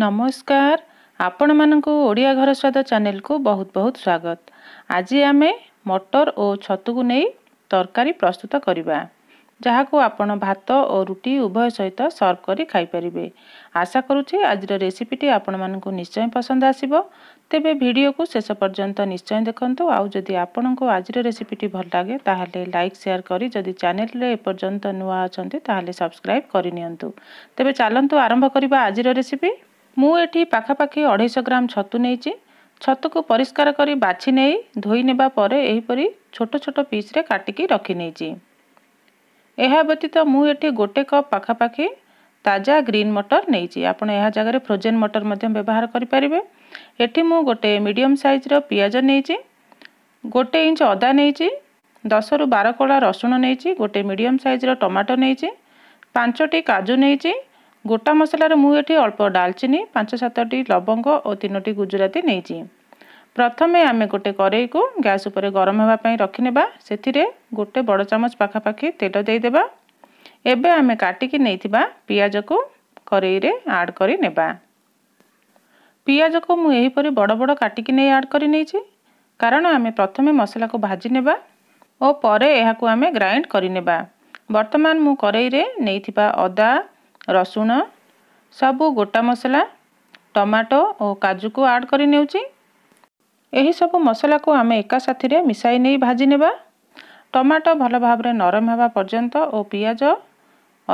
ନମସ୍କାର ଆପଣମାନଙ୍କୁ ଓଡ଼ିଆ ଘର ସ୍ୱାଦ ଚ୍ୟାନେଲକୁ ବହୁତ ବହୁତ ସ୍ୱାଗତ ଆଜି ଆମେ ମଟର ଓ ଛତୁକୁ ନେଇ ତରକାରୀ ପ୍ରସ୍ତୁତ କରିବା ଯାହାକୁ ଆପଣ ଭାତ ଓ ରୁଟି ଉଭୟ ସହିତ ସର୍ଭ କରି ଖାଇପାରିବେ ଆଶା କରୁଛି ଆଜିର ରେସିପିଟି ଆପଣମାନଙ୍କୁ ନିଶ୍ଚୟ ପସନ୍ଦ ଆସିବ ତେବେ ଭିଡ଼ିଓକୁ ଶେଷ ପର୍ଯ୍ୟନ୍ତ ନିଶ୍ଚୟ ଦେଖନ୍ତୁ ଆଉ ଯଦି ଆପଣଙ୍କୁ ଆଜିର ରେସିପିଟି ଭଲ ଲାଗେ ତାହେଲେ ଲାଇକ୍ ସେୟାର କରି ଯଦି ଚ୍ୟାନେଲରେ ଏପର୍ଯ୍ୟନ୍ତ ନୂଆ ଅଛନ୍ତି ତାହେଲେ ସବସ୍କ୍ରାଇବ୍ କରିନିଅନ୍ତୁ ତେବେ ଚାଲନ୍ତୁ ଆରମ୍ଭ କରିବା ଆଜିର ରେସିପି ମୁଁ ଏଠି ପାଖାପାଖି ଅଢ଼େଇଶହ ଗ୍ରାମ ଛତୁ ନେଇଛି ଛତୁକୁ ପରିଷ୍କାର କରି ବାଛି ନେଇ ଧୋଇ ନେବା ପରେ ଏହିପରି ଛୋଟ ଛୋଟ ପିସ୍ରେ କାଟିକି ରଖିନେଇଛି ଏହା ବ୍ୟତୀତ ମୁଁ ଏଠି ଗୋଟେ କପ୍ ପାଖାପାଖି ତାଜା ଗ୍ରୀନ୍ ମଟର ନେଇଛି ଆପଣ ଏହା ଜାଗାରେ ଫ୍ରୋଜେନ୍ ମଟର ମଧ୍ୟ ବ୍ୟବହାର କରିପାରିବେ ଏଠି ମୁଁ ଗୋଟେ ମିଡ଼ିୟମ୍ ସାଇଜ୍ର ପିଆଜ ନେଇଛି ଗୋଟେ ଇଞ୍ଚ ଅଦା ନେଇଛି ଦଶରୁ ବାର କଳା ରସୁଣ ନେଇଛି ଗୋଟେ ମିଡ଼ିୟମ୍ ସାଇଜ୍ର ଟମାଟୋ ନେଇଛି ପାଞ୍ଚଟି କାଜୁ ନେଇଛି ଗୋଟା ମସଲାରେ ମୁଁ ଏଠି ଅଳ୍ପ ଡାଲଚିନି ପାଞ୍ଚ ସାତଟି ଲବଙ୍ଗ ଓ ତିନୋଟି ଗୁଜୁରାତି ନେଇଛି ପ୍ରଥମେ ଆମେ ଗୋଟେ କରେଇକୁ ଗ୍ୟାସ୍ ଉପରେ ଗରମ ହେବା ପାଇଁ ରଖିନେବା ସେଥିରେ ଗୋଟେ ବଡ଼ ଚାମଚ ପାଖାପାଖି ତେଲ ଦେଇଦେବା ଏବେ ଆମେ କାଟିକି ନେଇଥିବା ପିଆଜକୁ କରେଇରେ ଆଡ଼୍ କରି ନେବା ପିଆଜକୁ ମୁଁ ଏହିପରି ବଡ଼ ବଡ଼ କାଟିକି ନେଇ ଆଡ଼୍ କରି ନେଇଛି କାରଣ ଆମେ ପ୍ରଥମେ ମସଲାକୁ ଭାଜି ନେବା ଓ ପରେ ଏହାକୁ ଆମେ ଗ୍ରାଇଣ୍ଡ କରିନେବା ବର୍ତ୍ତମାନ ମୁଁ କରେଇରେ ନେଇଥିବା ଅଦା ରସୁଣ ସବୁ ଗୋଟା ମସଲା ଟମାଟୋ ଓ କାଜୁକୁ ଆଡ଼୍ କରି ନେଉଛି ଏହିସବୁ ମସଲାକୁ ଆମେ ଏକା ସାଥିରେ ମିଶାଇ ନେଇ ଭାଜି ନେବା ଟମାଟୋ ଭଲ ଭାବରେ ନରମ ହେବା ପର୍ଯ୍ୟନ୍ତ ଓ ପିଆଜ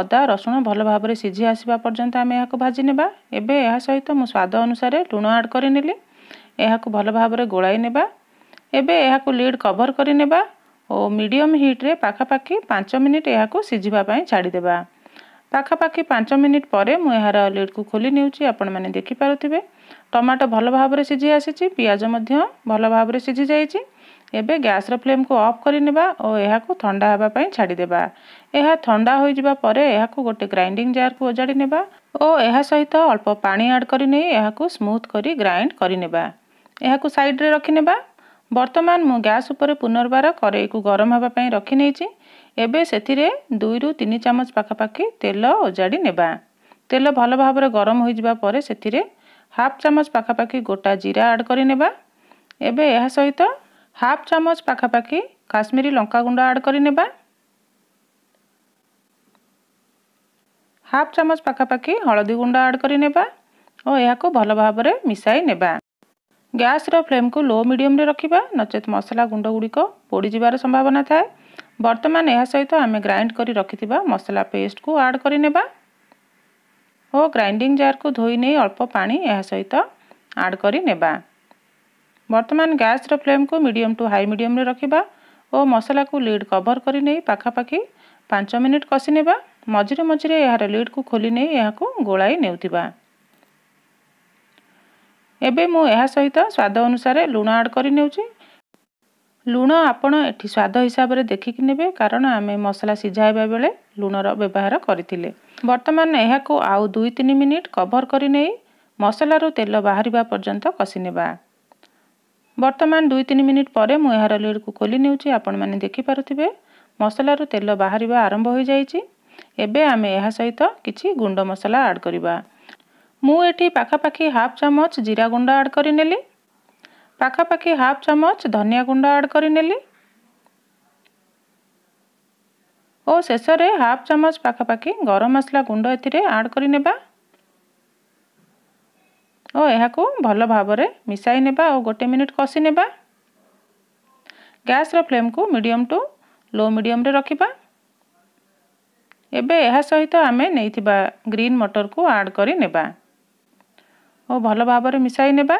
ଅଦା ରସୁଣ ଭଲ ଭାବରେ ସିଝି ଆସିବା ପର୍ଯ୍ୟନ୍ତ ଆମେ ଏହାକୁ ଭାଜି ନେବା ଏବେ ଏହା ସହିତ ମୁଁ ସ୍ୱାଦ ଅନୁସାରେ ଲୁଣ ଆଡ଼୍ କରିନେଲି ଏହାକୁ ଭଲ ଭାବରେ ଗୋଳାଇ ନେବା ଏବେ ଏହାକୁ ଲିଡ଼୍ କଭର୍ କରିନେବା ଓ ମିଡ଼ିୟମ୍ ହିଟ୍ରେ ପାଖାପାଖି ପାଞ୍ଚ ମିନିଟ୍ ଏହାକୁ ସିଝିବା ପାଇଁ ଛାଡ଼ିଦେବା ପାଖାପାଖି ପାଞ୍ଚ ମିନିଟ୍ ପରେ ମୁଁ ଏହାର ଲିଡ଼୍କୁ ଖୋଲି ନେଉଛି ଆପଣମାନେ ଦେଖିପାରୁଥିବେ ଟମାଟୋ ଭଲ ଭାବରେ ସିଝି ଆସିଛି ପିଆଜ ମଧ୍ୟ ଭଲ ଭାବରେ ସିଝି ଯାଇଛି ଏବେ ଗ୍ୟାସ୍ର ଫ୍ଲେମ୍କୁ ଅଫ୍ କରିନେବା ଓ ଏହାକୁ ଥଣ୍ଡା ହେବା ପାଇଁ ଛାଡ଼ିଦେବା ଏହା ଥଣ୍ଡା ହୋଇଯିବା ପରେ ଏହାକୁ ଗୋଟେ ଗ୍ରାଇଣ୍ଡିଂ ଜାର୍କୁ ଓଜାଡ଼ି ନେବା ଓ ଏହା ସହିତ ଅଳ୍ପ ପାଣି ଆଡ଼୍ କରିନେଇ ଏହାକୁ ସ୍ମୁଥ୍ କରି ଗ୍ରାଇଣ୍ଡ କରିନେବା ଏହାକୁ ସାଇଡ଼୍ରେ ରଖିନେବା ବର୍ତ୍ତମାନ ମୁଁ ଗ୍ୟାସ୍ ଉପରେ ପୁନର୍ବାର କରେଇକୁ ଗରମ ହେବା ପାଇଁ ରଖି ନେଇଛି ଏବେ ସେଥିରେ ଦୁଇରୁ ତିନି ଚାମଚ ପାଖାପାଖି ତେଲ ଓଜାଡ଼ି ନେବା ତେଲ ଭଲ ଭାବରେ ଗରମ ହୋଇଯିବା ପରେ ସେଥିରେ ହାଫ୍ ଚାମଚ ପାଖାପାଖି ଗୋଟା ଜିରା ଆଡ଼୍ କରିନେବା ଏବେ ଏହା ସହିତ ହାଫ୍ ଚାମଚ ପାଖାପାଖି କାଶ୍ମୀରି ଲଙ୍କା ଗୁଣ୍ଡ ଆଡ଼୍ କରିନେବା ହାଫ୍ ଚାମଚ ପାଖାପାଖି ହଳଦୀ ଗୁଣ୍ଡ ଆଡ଼୍ କରିନେବା ଓ ଏହାକୁ ଭଲ ଭାବରେ ମିଶାଇ ନେବା ଗ୍ୟାସ୍ର ଫ୍ଲେମ୍କୁ ଲୋ ମିଡ଼ିୟମ୍ରେ ରଖିବା ନଚେତ୍ ମସଲା ଗୁଣ୍ଡଗୁଡ଼ିକ ପୋଡ଼ିଯିବାର ସମ୍ଭାବନା ଥାଏ ବର୍ତ୍ତମାନ ଏହା ସହିତ ଆମେ ଗ୍ରାଇଣ୍ଡ କରି ରଖିଥିବା ମସଲା ପେଷ୍ଟକୁ ଆଡ଼୍ କରିନେବା ଓ ଗ୍ରାଇଣ୍ଡିଂ ଜାର୍କୁ ଧୋଇ ନେଇ ଅଳ୍ପ ପାଣି ଏହା ସହିତ ଆଡ଼୍ କରି ନେବା ବର୍ତ୍ତମାନ ଗ୍ୟାସ୍ର ଫ୍ଲେମ୍କୁ ମିଡ଼ିୟମ୍ ଟୁ ହାଇ ମିଡ଼ିୟମ୍ରେ ରଖିବା ଓ ମସଲାକୁ ଲିଡ଼୍ କଭର୍ କରି ନେଇ ପାଖାପାଖି ପାଞ୍ଚ ମିନିଟ୍ କଷି ନେବା ମଝିରେ ମଝିରେ ଏହାର ଲିଡ଼୍କୁ ଖୋଲି ନେଇ ଏହାକୁ ଗୋଳାଇ ନେଉଥିବା ଏବେ ମୁଁ ଏହା ସହିତ ସ୍ୱାଦ ଅନୁସାରେ ଲୁଣ ଆଡ଼୍ କରି ନେଉଛି ଲୁଣ ଆପଣ ଏଠି ସ୍ୱାଦ ହିସାବରେ ଦେଖିକି ନେବେ କାରଣ ଆମେ ମସଲା ସିଝାଇବା ବେଳେ ଲୁଣର ବ୍ୟବହାର କରିଥିଲେ ବର୍ତ୍ତମାନ ଏହାକୁ ଆଉ ଦୁଇ ତିନି ମିନିଟ୍ କଭର୍ କରି ନେଇ ମସଲାରୁ ତେଲ ବାହାରିବା ପର୍ଯ୍ୟନ୍ତ କଷି ନେବା ବର୍ତ୍ତମାନ ଦୁଇ ତିନି ମିନିଟ୍ ପରେ ମୁଁ ଏହାର ଲିଡ଼କୁ ଖୋଲି ନେଉଛି ଆପଣମାନେ ଦେଖିପାରୁଥିବେ ମସଲାରୁ ତେଲ ବାହାରିବା ଆରମ୍ଭ ହୋଇଯାଇଛି ଏବେ ଆମେ ଏହା ସହିତ କିଛି ଗୁଣ୍ଡ ମସଲା ଆଡ଼୍ କରିବା ମୁଁ ଏଠି ପାଖାପାଖି ହାଫ୍ ଚାମଚ ଜିରା ଗୁଣ୍ଡ ଆଡ଼୍ କରିନେଲି ପାଖାପାଖି ହାଫ୍ ଚାମଚ ଧନିଆ ଗୁଣ୍ଡ ଆଡ଼୍ କରିନେଲି ଓ ଶେଷରେ ହାଫ୍ ଚାମଚ ପାଖାପାଖି ଗରମ ମସଲା ଗୁଣ୍ଡ ଏଥିରେ ଆଡ଼୍ କରିନେବା ଓ ଏହାକୁ ଭଲ ଭାବରେ ମିଶାଇ ନେବା ଓ ଗୋଟିଏ ମିନିଟ୍ କଷି ନେବା ଗ୍ୟାସ୍ର ଫ୍ଲେମ୍କୁ ମିଡ଼ିୟମ୍ ଟୁ ଲୋ ମିଡ଼ିୟମ୍ରେ ରଖିବା ଏବେ ଏହା ସହିତ ଆମେ ନେଇଥିବା ଗ୍ରୀନ୍ ମଟରକୁ ଆଡ଼୍ କରି ନେବା ଓ ଭଲ ଭାବରେ ମିଶାଇ ନେବା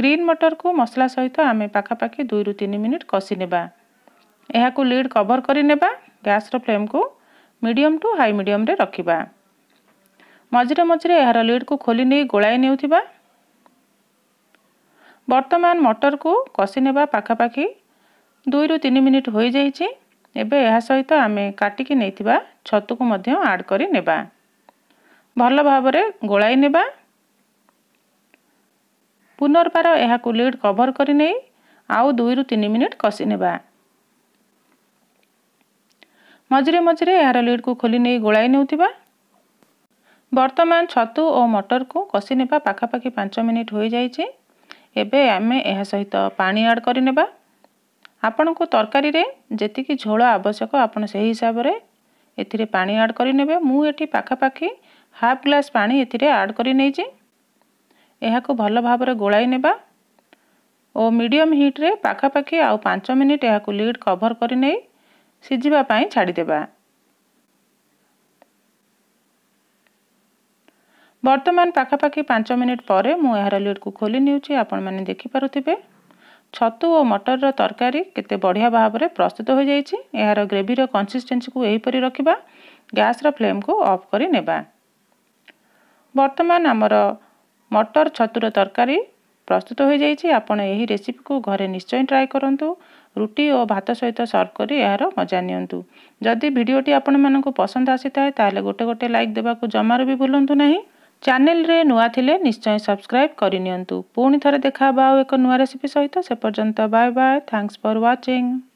ଗ୍ରୀନ୍ ମଟରକୁ ମସଲା ସହିତ ଆମେ ପାଖାପାଖି ଦୁଇରୁ ତିନି ମିନିଟ୍ କଷି ନେବା ଏହାକୁ ଲିଡ଼୍ କଭର୍ କରି ନେବା ଗ୍ୟାସ୍ର ଫ୍ଲେମ୍କୁ ମିଡ଼ିୟମ୍ ଟୁ ହାଇ ମିଡ଼ିୟମ୍ରେ ରଖିବା ମଝିରେ ମଝିରେ ଏହାର ଲିଡ଼୍କୁ ଖୋଲି ନେଇ ଗୋଳାଇ ନେଉଥିବା ବର୍ତ୍ତମାନ ମଟରକୁ କଷି ନେବା ପାଖାପାଖି ଦୁଇରୁ ତିନି ମିନିଟ୍ ହୋଇଯାଇଛି ଏବେ ଏହା ସହିତ ଆମେ କାଟିକି ନେଇଥିବା ଛତୁକୁ ମଧ୍ୟ ଆଡ଼୍ କରି ନେବା ଭଲ ଭାବରେ ଗୋଳାଇ ନେବା ପୁନର୍ବାର ଏହାକୁ ଲିଡ୍ କଭର୍ କରି ନେଇ ଆଉ ଦୁଇରୁ ତିନି ମିନିଟ୍ କଷି ନେବା ମଝିରେ ମଝିରେ ଏହାର ଲିଡ୍କୁ ଖୋଲି ନେଇ ଗୋଳାଇ ନେଉଥିବା ବର୍ତ୍ତମାନ ଛତୁ ଓ ମଟରକୁ କଷି ନେବା ପାଖାପାଖି ପାଞ୍ଚ ମିନିଟ୍ ହୋଇଯାଇଛି ଏବେ ଆମେ ଏହା ସହିତ ପାଣି ଆଡ଼୍ କରିନେବା ଆପଣଙ୍କୁ ତରକାରୀରେ ଯେତିକି ଝୋଳ ଆବଶ୍ୟକ ଆପଣ ସେହି ହିସାବରେ ଏଥିରେ ପାଣି ଆଡ଼୍ କରିନେବେ ମୁଁ ଏଠି ପାଖାପାଖି ହାଫ୍ ଗ୍ଲାସ୍ ପାଣି ଏଥିରେ ଆଡ଼୍ କରି ନେଇଛି ଏହାକୁ ଭଲ ଭାବରେ ଗୋଳାଇ ନେବା ଓ ମିଡ଼ିୟମ୍ ହିଟ୍ରେ ପାଖାପାଖି ଆଉ ପାଞ୍ଚ ମିନିଟ୍ ଏହାକୁ ଲିଡ଼୍ କଭର୍ କରି ନେଇ ସିଝିବା ପାଇଁ ଛାଡ଼ିଦେବା ବର୍ତ୍ତମାନ ପାଖାପାଖି ପାଞ୍ଚ ମିନିଟ୍ ପରେ ମୁଁ ଏହାର ଲିଡ଼୍କୁ ଖୋଲି ନେଉଛି ଆପଣମାନେ ଦେଖିପାରୁଥିବେ ଛତୁ ଓ ମଟରର ତରକାରୀ କେତେ ବଢ଼ିଆ ଭାବରେ ପ୍ରସ୍ତୁତ ହୋଇଯାଇଛି ଏହାର ଗ୍ରେଭିର କନ୍ସିଷ୍ଟେନ୍ସିକୁ ଏହିପରି ରଖିବା ଗ୍ୟାସ୍ର ଫ୍ଲେମ୍କୁ ଅଫ୍ କରି ନେବା ବର୍ତ୍ତମାନ ଆମର ମଟର ଛତୁର ତରକାରୀ ପ୍ରସ୍ତୁତ ହୋଇଯାଇଛି ଆପଣ ଏହି ରେସିପିକୁ ଘରେ ନିଶ୍ଚୟ ଟ୍ରାଏ କରନ୍ତୁ ରୁଟି ଓ ଭାତ ସହିତ ସର୍ଭ କରି ଏହାର ମଜା ନିଅନ୍ତୁ ଯଦି ଭିଡ଼ିଓଟି ଆପଣମାନଙ୍କୁ ପସନ୍ଦ ଆସିଥାଏ ତାହେଲେ ଗୋଟେ ଗୋଟେ ଲାଇକ୍ ଦେବାକୁ ଜମାରୁ ବି ଭୁଲନ୍ତୁ ନାହିଁ ଚ୍ୟାନେଲରେ ନୂଆ ଥିଲେ ନିଶ୍ଚୟ ସବସ୍କ୍ରାଇବ୍ କରିନିଅନ୍ତୁ ପୁଣି ଥରେ ଦେଖାହେବା ଆଉ ଏକ ନୂଆ ରେସିପି ସହିତ ସେ ପର୍ଯ୍ୟନ୍ତ bye bye thanks for watching